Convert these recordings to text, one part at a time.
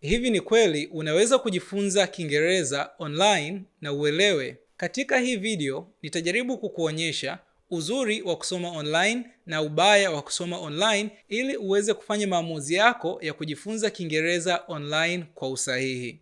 Hivi ni kweli unaweza kujifunza Kiingereza online na uelewe? Katika hii video nitajaribu kukuonyesha uzuri wa kusoma online na ubaya wa kusoma online ili uweze kufanya maamuzi yako ya kujifunza Kiingereza online kwa usahihi.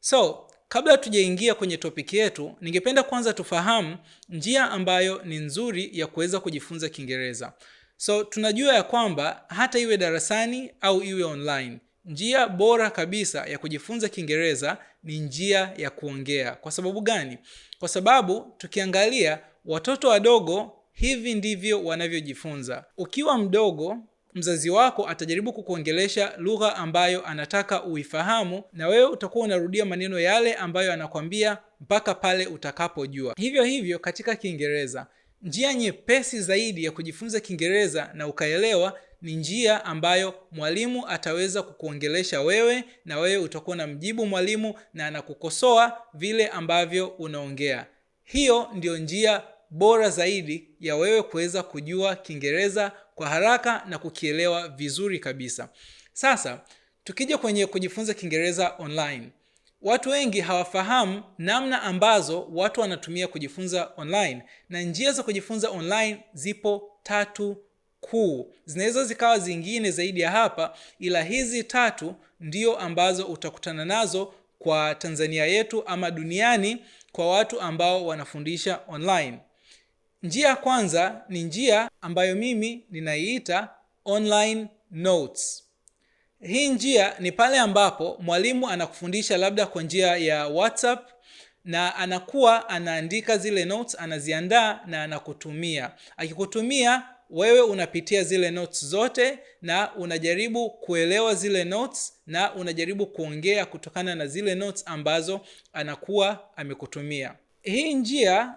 So, kabla tujaingia kwenye topic yetu, ningependa kwanza tufahamu njia ambayo ni nzuri ya kuweza kujifunza Kiingereza. So, tunajua ya kwamba hata iwe darasani au iwe online njia bora kabisa ya kujifunza kiingereza ni njia ya kuongea kwa sababu gani kwa sababu tukiangalia watoto wadogo hivi ndivyo wanavyojifunza ukiwa mdogo mzazi wako atajaribu kukuongelesha lugha ambayo anataka uifahamu na wewe utakuwa unarudia maneno yale ambayo anakwambia mpaka pale utakapojua hivyo hivyo katika kiingereza njia nyepesi zaidi ya kujifunza kiingereza na ukaelewa ni njia ambayo mwalimu ataweza kukuongelesha wewe na wewe utakuwa na mjibu mwalimu na anakukosoa vile ambavyo unaongea hiyo ndiyo njia bora zaidi ya wewe kuweza kujua kiingereza kwa haraka na kukielewa vizuri kabisa sasa tukija kwenye kujifunza kiingereza online watu wengi hawafahamu namna ambazo watu wanatumia kujifunza online na njia za kujifunza online zipo tatu kuu zinaweza zikawa zingine zaidi ya hapa ila hizi tatu ndio ambazo utakutana nazo kwa tanzania yetu ama duniani kwa watu ambao wanafundisha online njia ya kwanza ni njia ambayo mimi ninaiita online notes hii njia ni pale ambapo mwalimu anakufundisha labda kwa njia ya whatsapp na anakuwa anaandika zile notes anaziandaa na anakutumia akikutumia wewe unapitia zile notes zote na unajaribu kuelewa zile notes na unajaribu kuongea kutokana na zile notes ambazo anakuwa amekutumia. Hii njia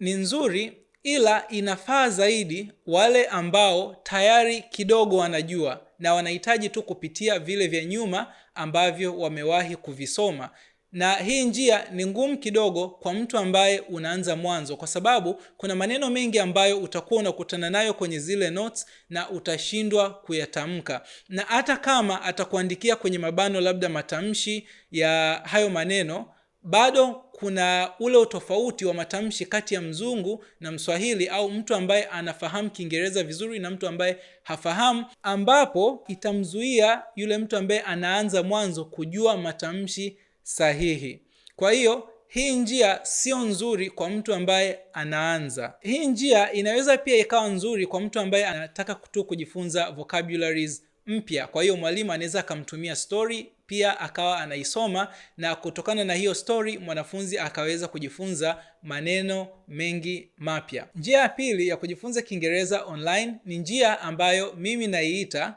ni nzuri, ila inafaa zaidi wale ambao tayari kidogo wanajua na wanahitaji tu kupitia vile vya nyuma ambavyo wamewahi kuvisoma na hii njia ni ngumu kidogo kwa mtu ambaye unaanza mwanzo kwa sababu kuna maneno mengi ambayo utakuwa unakutana nayo kwenye zile notes na utashindwa kuyatamka na hata kama atakuandikia kwenye mabano labda matamshi ya hayo maneno bado kuna ule utofauti wa matamshi kati ya mzungu na mswahili au mtu ambaye anafahamu kiingereza vizuri na mtu ambaye hafahamu ambapo itamzuia yule mtu ambaye anaanza mwanzo kujua matamshi sahihi kwa hiyo hii njia sio nzuri kwa mtu ambaye anaanza hii njia inaweza pia ikawa nzuri kwa mtu ambaye anataka tu kujifunza vocabularies mpya kwa hiyo mwalimu anaweza akamtumia story pia akawa anaisoma na kutokana na hiyo story mwanafunzi akaweza kujifunza maneno mengi mapya njia ya pili ya kujifunza kiingereza online ni njia ambayo mimi naiita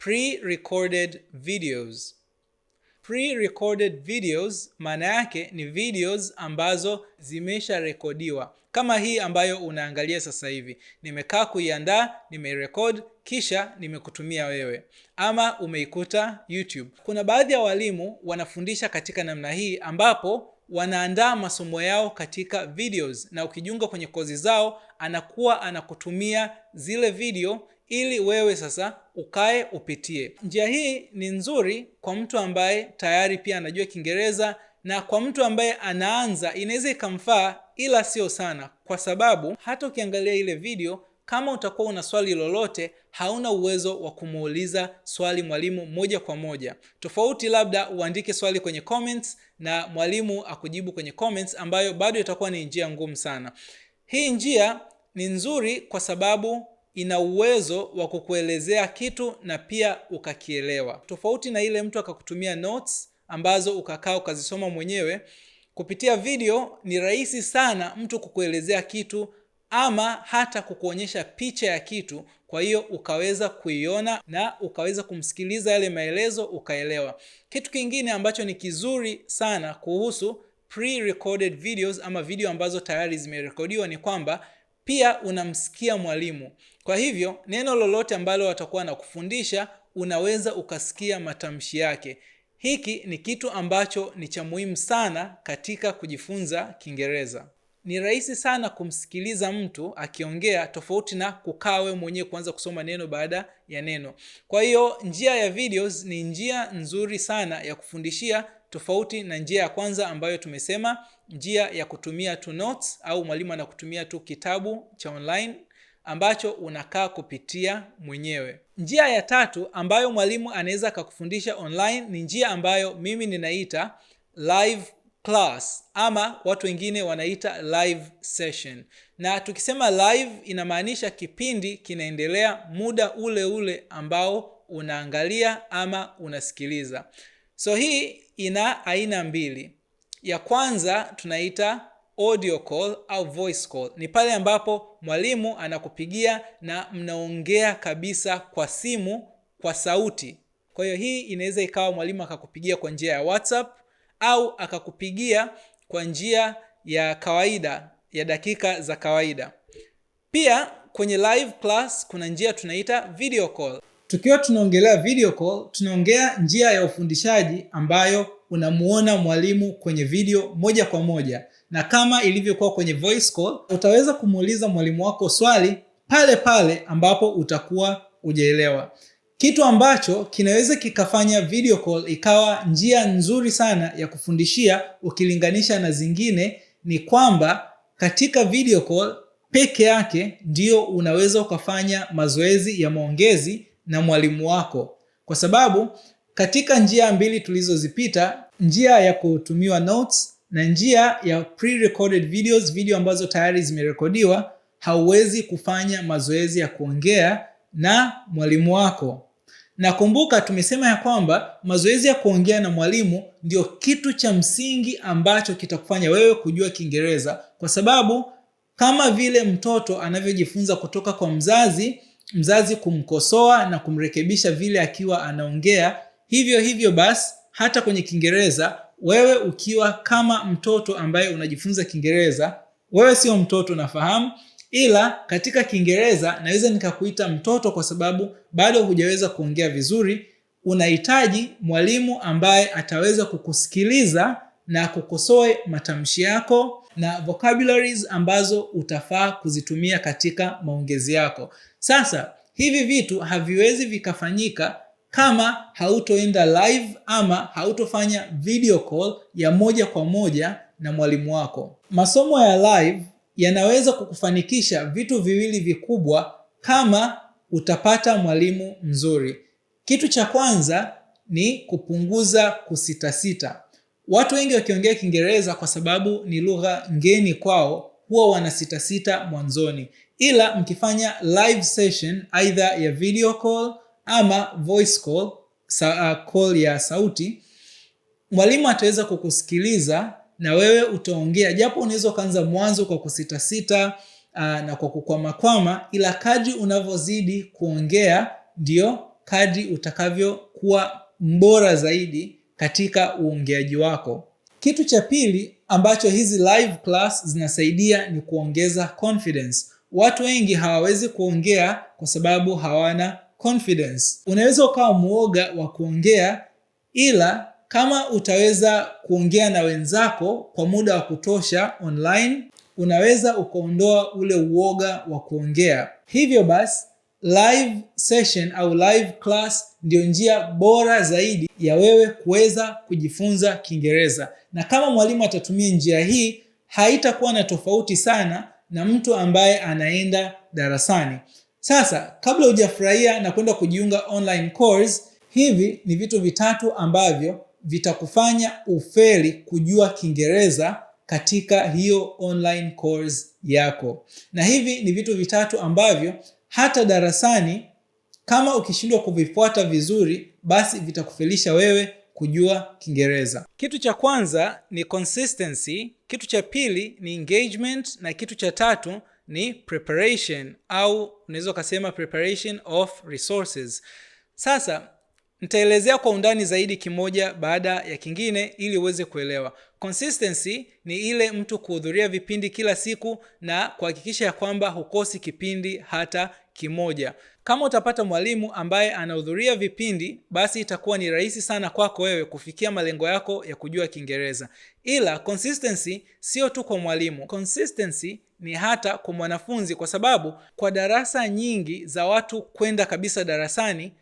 pre-recorded videos pre-recorded videos maana yake ni videos ambazo zimesharekodiwa kama hii ambayo unaangalia sasa hivi nimekaa kuiandaa nimeirekod kisha nimekutumia wewe ama umeikuta youtube kuna baadhi ya walimu wanafundisha katika namna hii ambapo wanaandaa masomo yao katika videos na ukijiunga kwenye kozi zao anakuwa anakutumia zile video ili wewe sasa ukae upitie. Njia hii ni nzuri kwa mtu ambaye tayari pia anajua Kiingereza na kwa mtu ambaye anaanza inaweza ikamfaa, ila sio sana, kwa sababu hata ukiangalia ile video kama utakuwa una swali lolote, hauna uwezo wa kumuuliza swali mwalimu moja kwa moja, tofauti labda uandike swali kwenye comments na mwalimu akujibu kwenye comments, ambayo bado itakuwa ni njia ngumu sana. Hii njia ni nzuri kwa sababu ina uwezo wa kukuelezea kitu na pia ukakielewa, tofauti na ile mtu akakutumia notes ambazo ukakaa ukazisoma mwenyewe. Kupitia video ni rahisi sana mtu kukuelezea kitu ama hata kukuonyesha picha ya kitu, kwa hiyo ukaweza kuiona na ukaweza kumsikiliza yale maelezo ukaelewa. Kitu kingine ambacho ni kizuri sana kuhusu pre-recorded videos ama video ambazo tayari zimerekodiwa ni kwamba pia unamsikia mwalimu. Kwa hivyo neno lolote ambalo watakuwa na kufundisha unaweza ukasikia matamshi yake. Hiki ni kitu ambacho ni cha muhimu sana katika kujifunza Kiingereza. Ni rahisi sana kumsikiliza mtu akiongea tofauti na kukawe mwenyewe kuanza kusoma neno baada ya neno. Kwa hiyo njia ya videos ni njia nzuri sana ya kufundishia tofauti na njia ya kwanza ambayo tumesema njia ya kutumia tu notes au mwalimu anakutumia tu kitabu cha online ambacho unakaa kupitia mwenyewe njia ya tatu ambayo mwalimu anaweza akakufundisha online ni njia ambayo mimi ninaita live class ama watu wengine wanaita live session na tukisema live inamaanisha kipindi kinaendelea muda ule ule ambao unaangalia ama unasikiliza so hii ina aina mbili. Ya kwanza tunaita audio call au voice call, ni pale ambapo mwalimu anakupigia na mnaongea kabisa kwa simu kwa sauti. Kwa hiyo hii inaweza ikawa mwalimu akakupigia kwa njia ya WhatsApp au akakupigia kwa njia ya kawaida ya dakika za kawaida. Pia kwenye live class kuna njia tunaita video call tukiwa tunaongelea video call tunaongea njia ya ufundishaji ambayo unamuona mwalimu kwenye video moja kwa moja na kama ilivyokuwa kwenye voice call utaweza kumuuliza mwalimu wako swali pale pale ambapo utakuwa ujaelewa kitu ambacho kinaweza kikafanya video call ikawa njia nzuri sana ya kufundishia ukilinganisha na zingine ni kwamba katika video call peke yake ndio unaweza ukafanya mazoezi ya maongezi na mwalimu wako, kwa sababu katika njia mbili tulizozipita, njia ya kutumiwa notes na njia ya pre-recorded videos, video ambazo tayari zimerekodiwa, hauwezi kufanya mazoezi ya kuongea na mwalimu wako. Na kumbuka tumesema ya kwamba mazoezi ya kuongea na mwalimu ndio kitu cha msingi ambacho kitakufanya wewe kujua Kiingereza, kwa sababu kama vile mtoto anavyojifunza kutoka kwa mzazi mzazi kumkosoa na kumrekebisha vile akiwa anaongea. Hivyo hivyo basi, hata kwenye Kiingereza, wewe ukiwa kama mtoto ambaye unajifunza Kiingereza, wewe sio mtoto, nafahamu, ila katika Kiingereza naweza nikakuita mtoto kwa sababu bado hujaweza kuongea vizuri. Unahitaji mwalimu ambaye ataweza kukusikiliza na kukosoe matamshi yako na vocabularies ambazo utafaa kuzitumia katika maongezi yako sasa hivi vitu haviwezi vikafanyika kama hautoenda live ama hautofanya video call ya moja kwa moja na mwalimu wako masomo ya live yanaweza kukufanikisha vitu viwili vikubwa kama utapata mwalimu mzuri kitu cha kwanza ni kupunguza kusitasita Watu wengi wakiongea Kiingereza kwa sababu ni lugha ngeni kwao huwa wanasitasita mwanzoni, ila mkifanya live session aidha ya video call ama voice call, sa uh, call ya sauti, mwalimu ataweza kukusikiliza na wewe utaongea, japo unaweza ukaanza mwanzo kwa kusitasita uh, na kwa kukwamakwama, ila kadri unavyozidi kuongea ndio kadri utakavyokuwa mbora zaidi katika uongeaji wako kitu cha pili ambacho hizi live class zinasaidia ni kuongeza confidence watu wengi hawawezi kuongea kwa sababu hawana confidence unaweza ukawa mwoga wa kuongea ila kama utaweza kuongea na wenzako kwa muda wa kutosha online unaweza ukaondoa ule uoga wa kuongea hivyo basi live session au live class ndiyo njia bora zaidi ya wewe kuweza kujifunza Kiingereza, na kama mwalimu atatumia njia hii haitakuwa na tofauti sana na mtu ambaye anaenda darasani. Sasa, kabla hujafurahia na kwenda kujiunga online course, hivi ni vitu vitatu ambavyo vitakufanya ufeli kujua Kiingereza katika hiyo online course yako, na hivi ni vitu vitatu ambavyo hata darasani kama ukishindwa kuvifuata vizuri basi vitakufilisha wewe kujua kiingereza kitu cha kwanza ni consistency kitu cha pili ni engagement na kitu cha tatu ni preparation au unaweza ukasema preparation of resources sasa nitaelezea kwa undani zaidi kimoja baada ya kingine ili uweze kuelewa consistency ni ile mtu kuhudhuria vipindi kila siku na kuhakikisha ya kwamba hukosi kipindi hata kimoja kama utapata mwalimu ambaye anahudhuria vipindi basi itakuwa ni rahisi sana kwako wewe kufikia malengo yako ya kujua kiingereza ila consistency sio tu kwa mwalimu consistency ni hata kwa mwanafunzi kwa sababu kwa darasa nyingi za watu kwenda kabisa darasani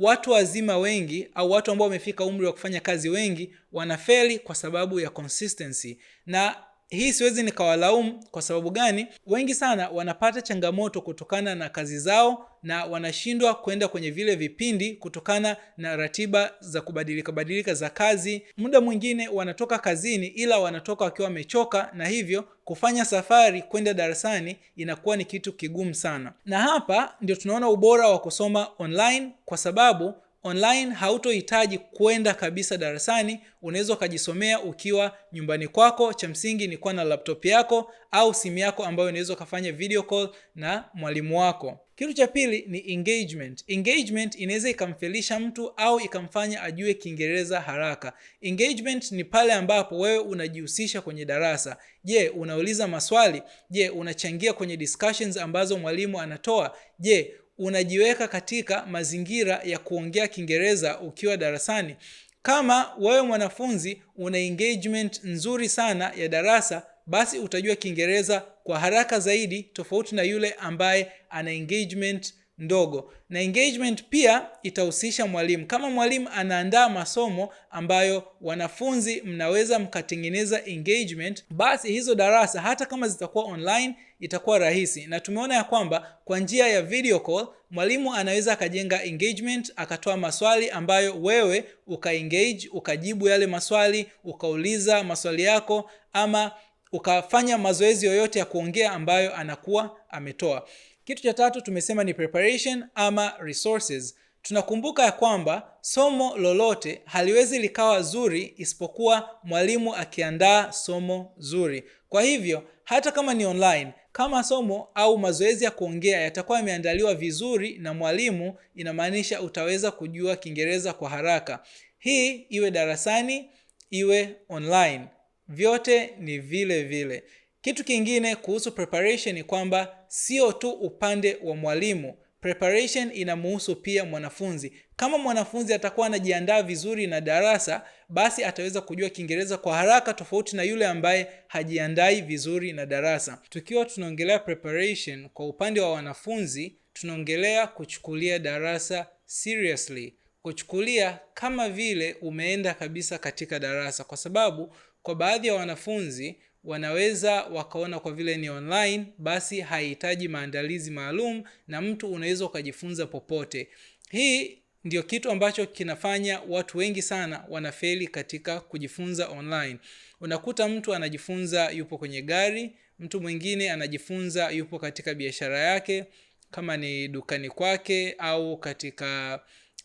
watu wazima wengi au watu ambao wamefika umri wa kufanya kazi wengi wanafeli kwa sababu ya consistency na hii siwezi nikawalaumu kwa sababu gani? Wengi sana wanapata changamoto kutokana na kazi zao na wanashindwa kwenda kwenye vile vipindi kutokana na ratiba za kubadilika badilika za kazi. Muda mwingine wanatoka kazini, ila wanatoka wakiwa wamechoka, na hivyo kufanya safari kwenda darasani inakuwa ni kitu kigumu sana. Na hapa ndio tunaona ubora wa kusoma online kwa sababu online hautohitaji kwenda kabisa darasani unaweza ukajisomea ukiwa nyumbani kwako cha msingi ni kuwa na laptop yako au simu yako ambayo unaweza ukafanya video call na mwalimu wako kitu cha pili ni engagement. Engagement inaweza ikamfelisha mtu au ikamfanya ajue Kiingereza haraka. Engagement ni pale ambapo wewe unajihusisha kwenye darasa. Je, unauliza maswali? Je, unachangia kwenye discussions ambazo mwalimu anatoa? Je, unajiweka katika mazingira ya kuongea kiingereza ukiwa darasani kama wewe mwanafunzi una engagement nzuri sana ya darasa basi utajua kiingereza kwa haraka zaidi tofauti na yule ambaye ana engagement ndogo na engagement pia itahusisha mwalimu kama mwalimu anaandaa masomo ambayo wanafunzi mnaweza mkatengeneza engagement basi hizo darasa hata kama zitakuwa online itakuwa rahisi na tumeona ya kwamba kwa njia ya video call mwalimu anaweza akajenga engagement akatoa maswali ambayo wewe ukaengage ukajibu yale maswali ukauliza maswali yako ama ukafanya mazoezi yoyote ya kuongea ambayo anakuwa ametoa kitu cha tatu tumesema ni preparation ama resources tunakumbuka ya kwamba somo lolote haliwezi likawa zuri isipokuwa mwalimu akiandaa somo zuri kwa hivyo hata kama ni online kama somo au mazoezi ya kuongea yatakuwa yameandaliwa vizuri na mwalimu inamaanisha utaweza kujua kiingereza kwa haraka hii iwe darasani iwe online vyote ni vile vile kitu kingine kuhusu preparation ni kwamba sio tu upande wa mwalimu preparation inamuhusu pia mwanafunzi kama mwanafunzi atakuwa anajiandaa vizuri na darasa basi ataweza kujua kiingereza kwa haraka tofauti na yule ambaye hajiandai vizuri na darasa tukiwa tunaongelea preparation kwa upande wa wanafunzi tunaongelea kuchukulia darasa seriously kuchukulia kama vile umeenda kabisa katika darasa kwa sababu kwa baadhi ya wanafunzi wanaweza wakaona kwa vile ni online basi haihitaji maandalizi maalum na mtu unaweza ukajifunza popote hii ndio kitu ambacho kinafanya watu wengi sana wanafeli katika kujifunza online unakuta mtu anajifunza yupo kwenye gari mtu mwingine anajifunza yupo katika biashara yake kama ni dukani kwake au katika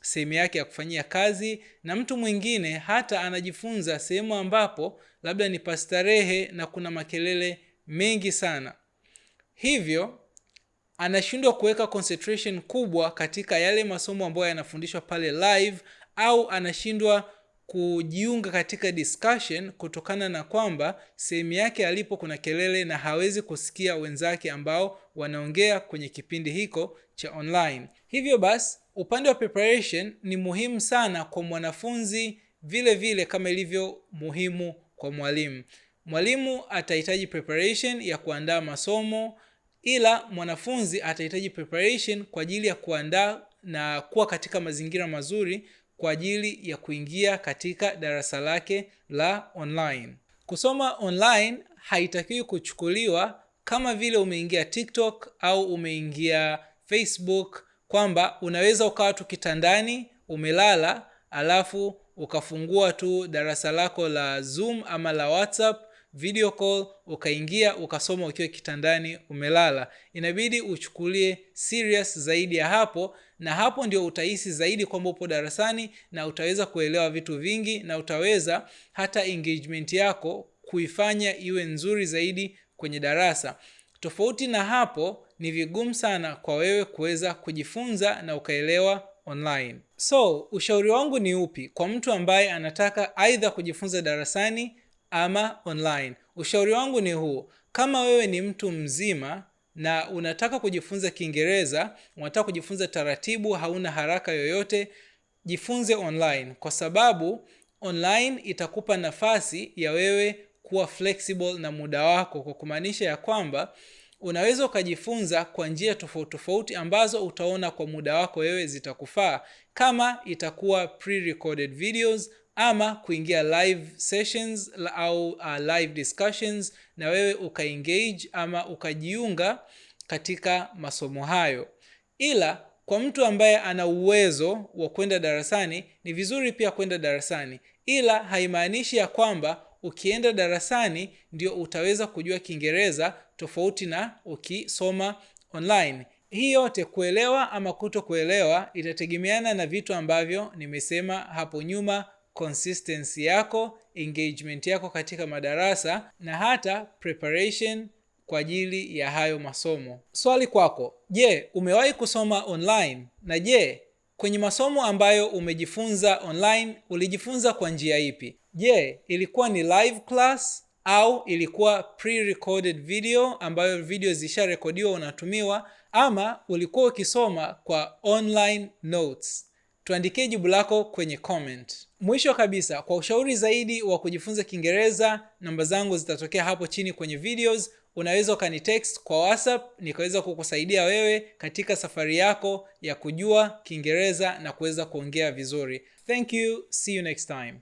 sehemu yake ya kufanyia kazi na mtu mwingine hata anajifunza sehemu ambapo labda ni pastarehe na kuna makelele mengi sana hivyo anashindwa kuweka concentration kubwa katika yale masomo ambayo yanafundishwa pale live au anashindwa kujiunga katika discussion kutokana na kwamba sehemu yake alipo kuna kelele na hawezi kusikia wenzake ambao wanaongea kwenye kipindi hiko cha online hivyo basi upande wa preparation ni muhimu sana kwa mwanafunzi vile vile kama ilivyo muhimu kwa mwalimu mwalimu atahitaji preparation ya kuandaa masomo ila mwanafunzi atahitaji preparation kwa ajili ya kuandaa na kuwa katika mazingira mazuri kwa ajili ya kuingia katika darasa lake la online kusoma online haitakiwi kuchukuliwa kama vile umeingia tiktok au umeingia facebook kwamba unaweza ukawa tu kitandani umelala alafu ukafungua tu darasa lako la zoom ama la whatsapp video call ukaingia ukasoma ukiwa kitandani umelala inabidi uchukulie serious zaidi ya hapo na hapo ndio utahisi zaidi kwamba upo darasani na utaweza kuelewa vitu vingi na utaweza hata engagement yako kuifanya iwe nzuri zaidi kwenye darasa tofauti na hapo ni vigumu sana kwa wewe kuweza kujifunza na ukaelewa online so ushauri wangu ni upi kwa mtu ambaye anataka aidha kujifunza darasani ama online ushauri wangu ni huu kama wewe ni mtu mzima na unataka kujifunza kiingereza unataka kujifunza taratibu hauna haraka yoyote jifunze online kwa sababu online itakupa nafasi ya wewe kuwa flexible na muda wako kwa kumaanisha ya kwamba unaweza ukajifunza kwa njia tofauti tofauti ambazo utaona kwa muda wako wewe zitakufaa kama itakuwa pre-recorded videos ama kuingia live sessions au uh, live discussions na wewe ukaengage ama ukajiunga katika masomo hayo ila kwa mtu ambaye ana uwezo wa kwenda darasani ni vizuri pia kwenda darasani ila haimaanishi ya kwamba ukienda darasani ndio utaweza kujua kiingereza tofauti na ukisoma online hii yote kuelewa ama kuto kuelewa itategemeana na vitu ambavyo nimesema hapo nyuma consistency yako engagement yako katika madarasa na hata preparation kwa ajili ya hayo masomo swali kwako je umewahi kusoma online na je kwenye masomo ambayo umejifunza online ulijifunza kwa njia ipi je ilikuwa ni live class au ilikuwa pre-recorded video ambayo video zisharekodiwa unatumiwa ama ulikuwa ukisoma kwa online notes tuandikie jibu lako kwenye comment mwisho kabisa kwa ushauri zaidi wa kujifunza kiingereza namba zangu zitatokea hapo chini kwenye videos unaweza ukanitext kwa whatsapp nikaweza kukusaidia wewe katika safari yako ya kujua kiingereza na kuweza kuongea vizuri thank you see you next time